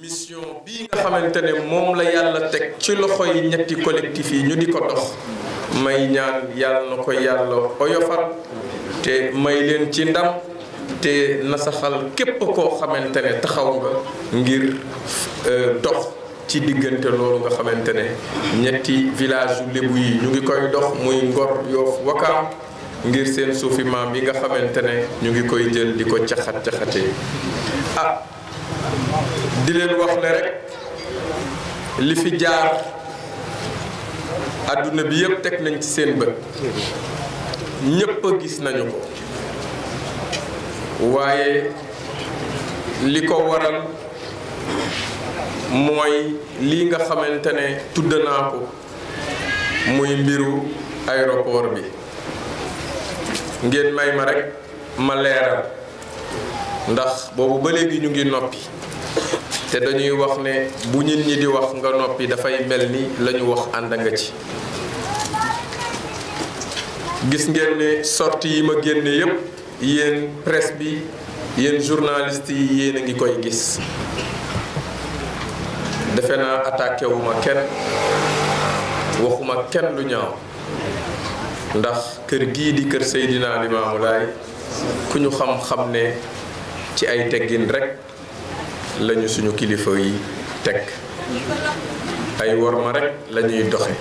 mission bii nga xamante ne moom la yàlla teg ci loxo yi ñetti collectif yi ñu di ko dox may ñaan yàlla na ko yàlla oyofal te may leen ci ndam te nasaxal képp koo xamante ne taxaw nga ngir euh, dox ci diggante loolu nga xamante ne ñetti village yu lébu yi ñu ngi koy dox muy Ngor Yoof Wakaam ngir seen suufi maam yi nga xamante ne ñu ngi koy jël di ko caxat caxatee ah, di leen wax ne rek li fi jaar àdduna bi yëpp teg nañ ci seen bët ñëpp a gis nañu ko waaye li ko waral mooy lii nga xamante ne tudd naa ko muy mbiru aéroport bi ngeen may ma rekk ma leeral ndax boobu ba léegi ñu ngi noppi. te dañuy wax ne bu nit ñi di wax nga noppi dafay mel ni la wax ànd nga ci gis ngeen ne sorties yi ma génne yépp yéen presse bi yéen journaliste yi yéen a ngi koy gis defe naa attaqué wu ma kenn waxuma kenn lu ñaaw ndax kër gii di kër Seydina Limaamu Laay ku ñu xam-xam ne ci ay teggin rek lañu suñu kilifa yi teg ay worma rekk lañuy doxe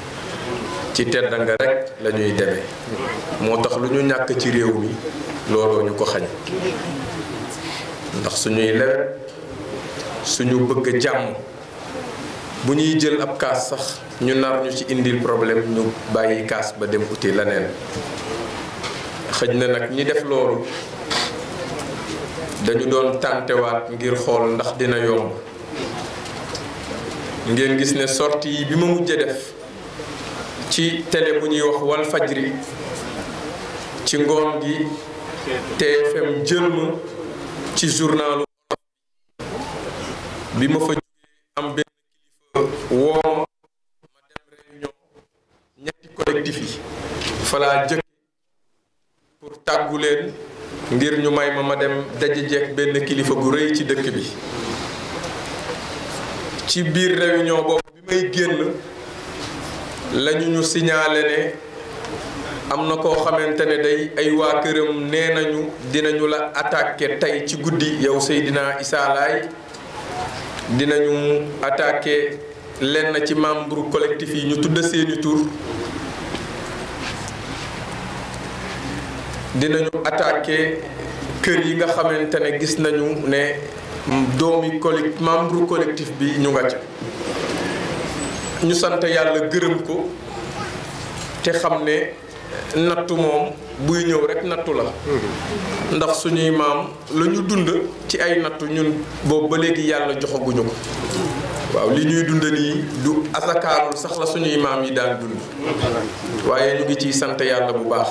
ci tedd nga rek lañuy deme moo tax lu ñu ñàkk ci réew mi looloo ñu ko xañ ndax suñuy lewet suñu bëgg jàmm bu ñuy jël ab kaas sax ñu nar ñu ci indil problème ñu bàyyi kaas ba dem uti leneen xëj na nag ñi def loolu dañu doon tàntewaat ngir xool ndax dina yomb ngeen gis ne sortie yi bi ma mujj def ci télé bu ñuy wax wal fajri ci ngoon gi TFM jël ma ci journalu bi ma fa jógee am benn kilifa woo ma dem réunion ñetti collectif yi falaa jëkk pour tàggu ngir ñu may ma dem daje benn kilifa gu rëy ci dëkk bi ci biir réunion boobu bi may génn lañu ñu signalé ne am na koo xamante ne day ay waa këram nee nañu dinañu la attaqué tey ci guddi yow Seydina Issa Laye dinañu attaqué lenn ci membre collectif yi ñu tudd seeni tur dinañu attaqué kër yi nga xamante ne gis nañu ne doomi collect membre collectif bi ñu nga ca ñu sant yàlla gërëm ko te xam ne nattu moom buy ñëw rek nattu la ndax suñuy maam la ñu dund ci ay nattu ñun boobu ba léegi yàlla joxaguñu ko waaw li ñuy dund nii du asakaarul sax la suñuy maam yi daan dund waaye ñu ngi ciy sant yàlla bu baax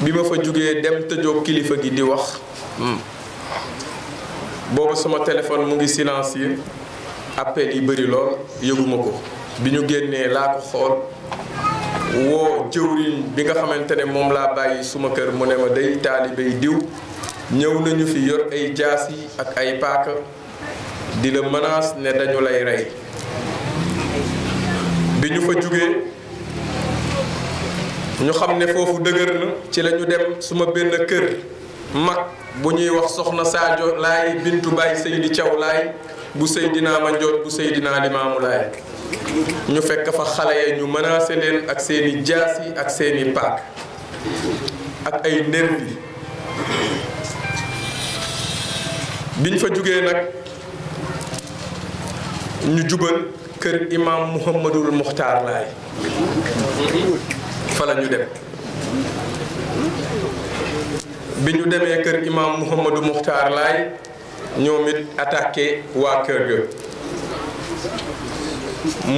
bi ma fa jógee dem tëjoo kilifa gi di wax hmm. booba sama téléphone mu ngi silencieux appel yi bëri lool yëguma ko bi ñu génnee laa ko xool woo jëwriñ bi nga xamante ne moom laa bàyyi suma kër mu ne ma day taalibey diw ñëw nañu fi yor ay jaas yi ak ay paaka di la menace ne dañu lay rey bi ñu fa jógee ñu xam ne foofu dëgër na ci lañu ñu dem suma benn kër mag bu ñuy wax soxna Sadio Laay bintu Baye Seydi caw Laay bu Seydina Mandione bu Seydina Limaamu Laay ñu fekk fa xale ya ñu menacé leen ak seeni jaas yi ak seeni paak ak ay ndér bi biñ fa jógee nag ñu jubal kër imaam Muhammadul Muxtaar Laay fa la dem bi ñu demee kër imam Mouhamadou Muxtaar Laay ñoom it attaqué waa kër ga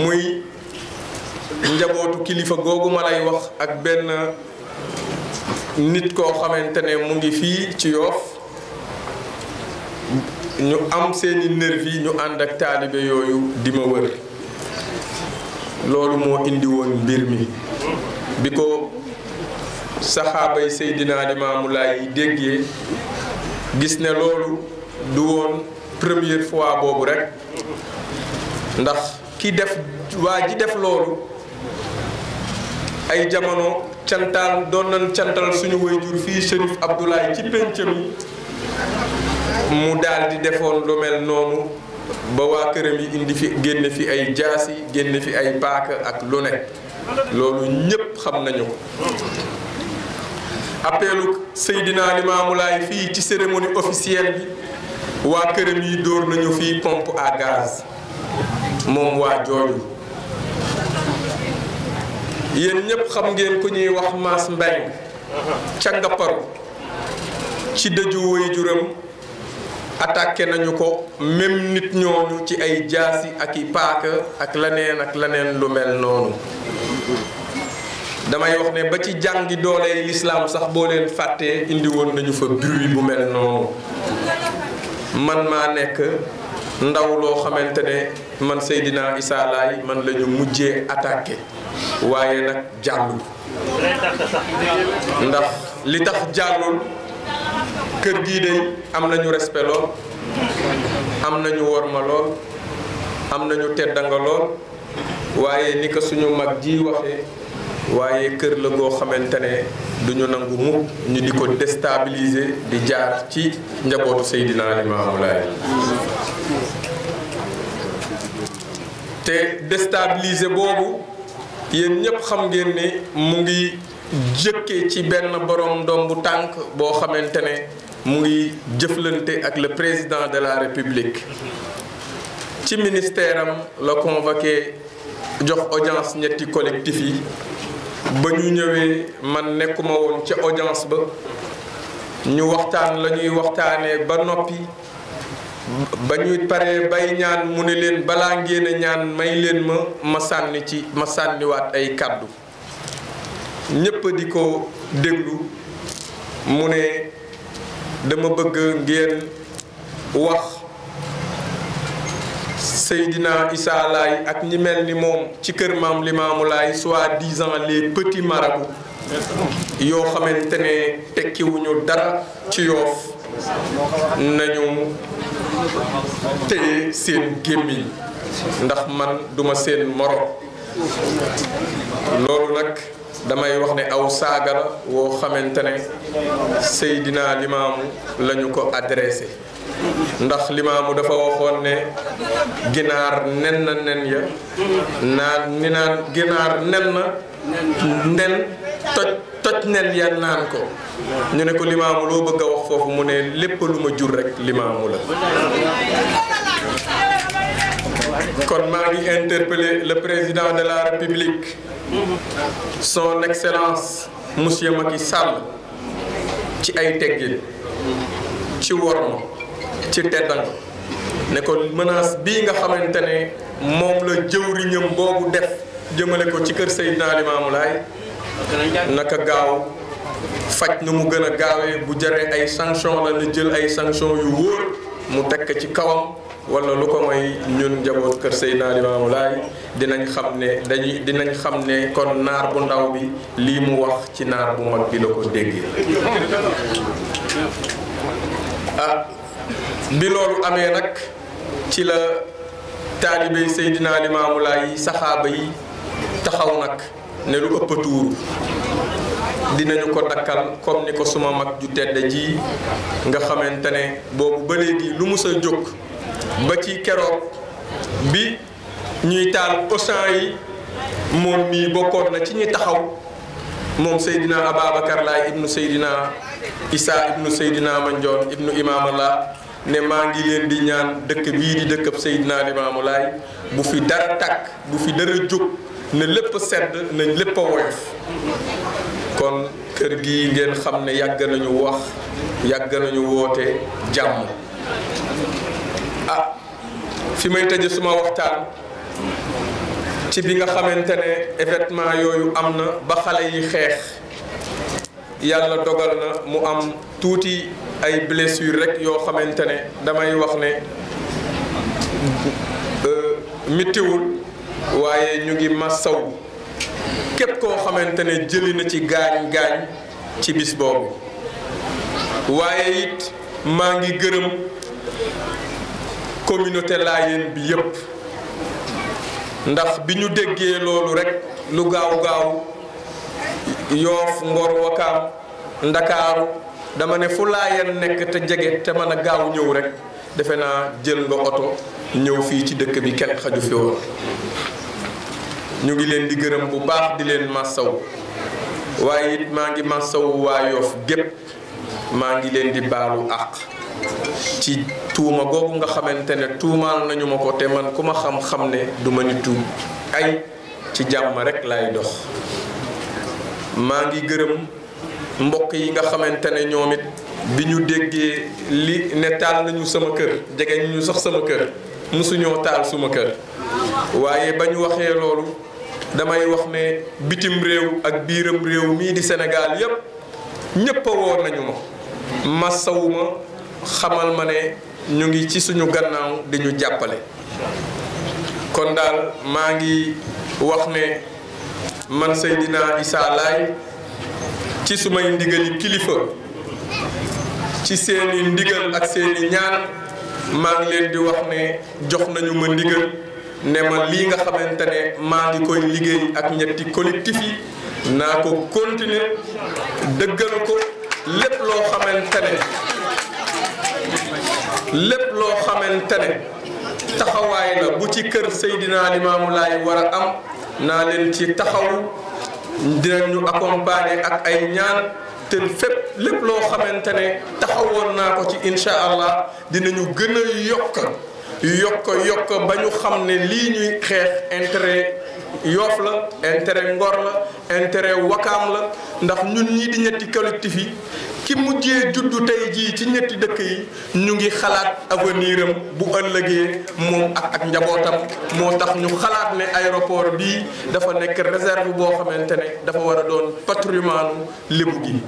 muy njabootu kilifa googu ma lay wax ak benn nit koo xamante ne mu ngi fii ci yoof ñu am seeni nervi ñu ànd ak taalibe yooyu di ma wër loolu moo indi woon mbir mi bi ko saxaabay Seydina Limaamu déggee gis ne loolu du woon première fois boobu rekk ndax ki def waa ji def loolu ay jamono cantaan doon nañ suñu wayjur fii Chérif Abdoulaye ci penc mi mu daal di defoon lu mel noonu ba waa këram yi indi fi génn fi ay jaasi génn fi ay paaka ak lu ne loolu ñépp xam nañu ko appeelu Seydina Limaamu fii ci cérémonie officielle bi waa këram yi dóor nañu fi pompe à moom waa jooju yéen ñépp xam ngeen ku ñuy wax Mass Mbengue ca Ngaparou ci dëju waajuram attaqué nañu ko même nit ñooñu ci ay jaasi ak paaka ak leneen ak leneen lu mel noonu damay wax ne ba ci jàngi doole lislaam sax boo leen fàttee indi woon nañu fa bruit bu mel noonu man maa nekk ndaw loo xamante ne man Seydina Issa Laye man la ñu mujjee attaqué waaye nag jàllul ndax li tax jàllul kër gii de am nañu respect lool am nañu worma lool am nañu teddanga lool waaye ni ko suñu mag ji waxee waaye kër la goo xamante ne duñu nangu mukk ñu di ko déstabiliser di jaar ci njabootu Seydina Limaamu Laay te déstabiliser boobu yéen ñëpp xam ngeen ni mu ngi jëkkee ci benn borom ndombu tànk boo xamante ne mu ngi jëflante ak le président de la république ci ministère am la convoqué jox audience ñetti collectif yi ba ñu ñëwee man nekkuma woon ca audience ba ñu waxtaan lañuy ñuy waxtaanee ba noppi ba ñuy paree bay ñaan mu ne leen balaa ngeen ñaan may leen ma ma sànni ci ma sànniwaat ay kàddu ñépp di ko déglu mu ne dama bëgg ngeen wax Seydina Issa Laye ak ñi mel ni moom ci kër maam Limaamu Laay soi-disant les petits marabouts yoo xamante ne tekkiwuñu dara ci yoof nañu téye seen gémmiñ ndax man duma seen moro loolu nag damay wax ne aw saaga la woo xamante ne Seydina Limaamu la ko adressé ndax Limaamu dafa waxoon ne ginaar nen na nen ya naan ni naan ginaar nen na nen toj toj nen ya naan ko ñu ne ko Limaamu loo bëgg a wax foofu mu ne lépp lu ma jur rek Limaamu la kon maa ngi interpeller le président de la République son excellence monsieur Macky Sall ci ay teggin ci worma ci teddang ne ko menace bii nga xamante ne moom la jëwriñam boobu def jëmale ko ci kër Seydina Limaamu Laay naka gaaw faj nu mu gën a gaawee bu jëree ay sanction la na jël ay sanction yu wóor mu tekk ci kawam wala lu ko mooy ñun njaboot kër Seydina Limaamu Laay dinañ xam ne dañuy dinañ xam ne kon naar bu ndaw bi lii mu wax ci naar bu mag bi la ko déggee ah bi loolu amee nag ci la taalibe Seydina Limaamu Laay yi saxaaba yi taxaw nag ne lu ëpp tuuru dinañu ko dakkal comme ni ko suma mag ju tedd ji nga xamante ne boobu ba léegi lu mus a jóg ba ci keroog bi ñuy taal Auchan yi moom mii bokkoon na ci ñu taxaw moom Seydina Ababacar Laay ibnu Seydina Isaa ibnu Seydina Mandione ibnu Imaamallah ne maa ngi leen di ñaan dëkk bii di dëkkab Seydina Limaamu bu fi dara takk bu fi dara jóg ne lépp sedd na lépp a woyof kon kër gi ngeen xam ne yàgg nañu wax yàgg nañu woote jàmm fi may tëj suma waxtaan ci bi nga xamante ne événement yooyu am na ba xale yi xeex yàlla dogal na mu am tuuti ay blessure rekk yoo xamante ne damay wax ne euh, mittiwul waaye ñu ngi massaw képp koo xamante ne jëli na ci gaañ gaañ ci bis boobu waaye it maa ngi gërëm communauté Layène bi yépp ndax bi ñu déggee loolu rekk lu gaaw gaaw Yoof Ngor Wakaam Ndakaaru dama ne fu Layène nekk te jege te mën a gaaw ñëw rekk defe naa jël nga oto ñëw fii ci dëkk bi kenn xaju fi woon ñu ngi leen di gërëm bu baax di leen massaw waaye it maa ngi massawu waa Yoof gépp maa ngi leen di baalu àq ci tuuma googu nga xamante ne tuumaal nañu ma ko te man ku ma xam-xam ne du ma nitu ay ci jàmm rekk laay dox maa ngi gërëm mbokk yi nga xamante ne ñoom it bi ñu déggee li ne taal nañu sama kër jege ñu sax sama kër mosuñoo taal suma kër waaye ba ñu waxee loolu damay wax ne bitim réew ak biiram réew mii di Sénégal yépp ñépp a woor nañu ma masawuma xamal ma ne ñu ngi ci suñu gannaaw di ñu jàppale kon daal maa ngi wax ne man Seydina Issa Laye ci sumay ndigali kilifa ci seeni ndigal ak seeni ñaan maa ngi leen di wax ne jox nañu ma ndigal ne ma lii nga xamante ne maa ngi koy liggéey ak ñetti collectif yi naa ko continuer dëggal ko lépp loo xamante lépp loo xamante ne taxawaay la bu ci kër Seydina Limaamu Laay war a am naa leen ci taxaw dinañu accompagner ak ay ñaan te fépp lépp loo xamante ne taxawoon naa ko ci incha allah dinañu gën a yokk yokk yokk ba ñu xam ne lii ñuy xeex intérêt yoof la intérêt ngor la intérêt wakaam la ndax ñu ñi di ñetti collectif yi ki mujjee juddu tey jii ci ñetti dëkk yi ñu ngi xalaat avenir am bu ëllëgee moom ak ak njabootam moo tax ñu xalaat ne aéroport bii dafa nekk réserve boo xamante ne dafa war a doon patrimoine lébu gi